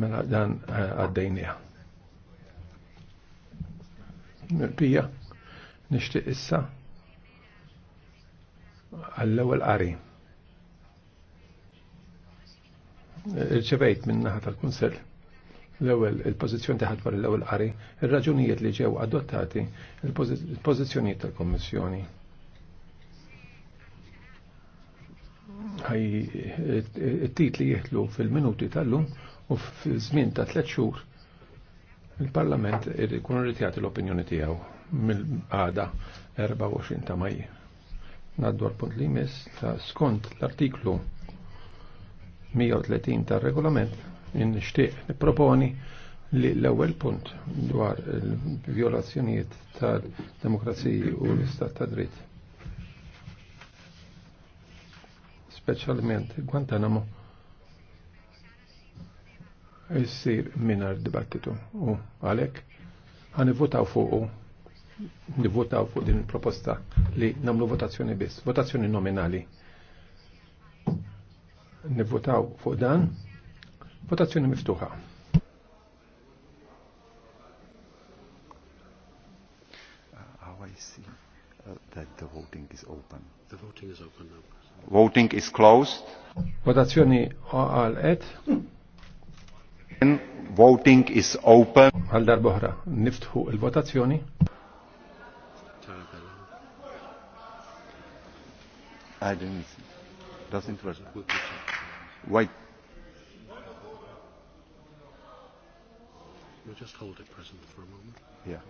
mela dan għaddejnija. Pija, nishti issa għall-ewwel qari. Irċevejt minn naħa tal-Kunsell l-ewwel il-pożizzjoni taħat wara l-ewwel qari, ir-raġunijiet li ġew adottati, il-pożizzjonijiet tal-Kommissjoni. Ħaj it-titli jihlu fil-minuti tal-lum u żmien ta' tliet xhur il-Parlament ikun rritjati l-opinjoni tiegħu mill-għada 24 ta' maj. Naddu għal-punt li jmiss ta' skont l-artiklu 130 tar regolament in nixtieq nipproponi li l-ewwel punt dwar il vjolazzjonijiet tad demokrazija u l-istat ta' dritt. Speċjalment Guantanamo jissir minar dibattitu. U għalek, għan votaw fuq u nivotaw fuq din proposta li namlu votazzjoni biss, votazzjoni nominali. Nivotaw fuq dan, votazzjoni miftuħa. How ah, oh, I see uh, that the voting is open. The voting is open now. Voting is closed. Votazzjoni għal et. Voting is open. Għal darboħra, niftħu il-votazzjoni. Wait. We'll just hold it present for a moment. Yeah.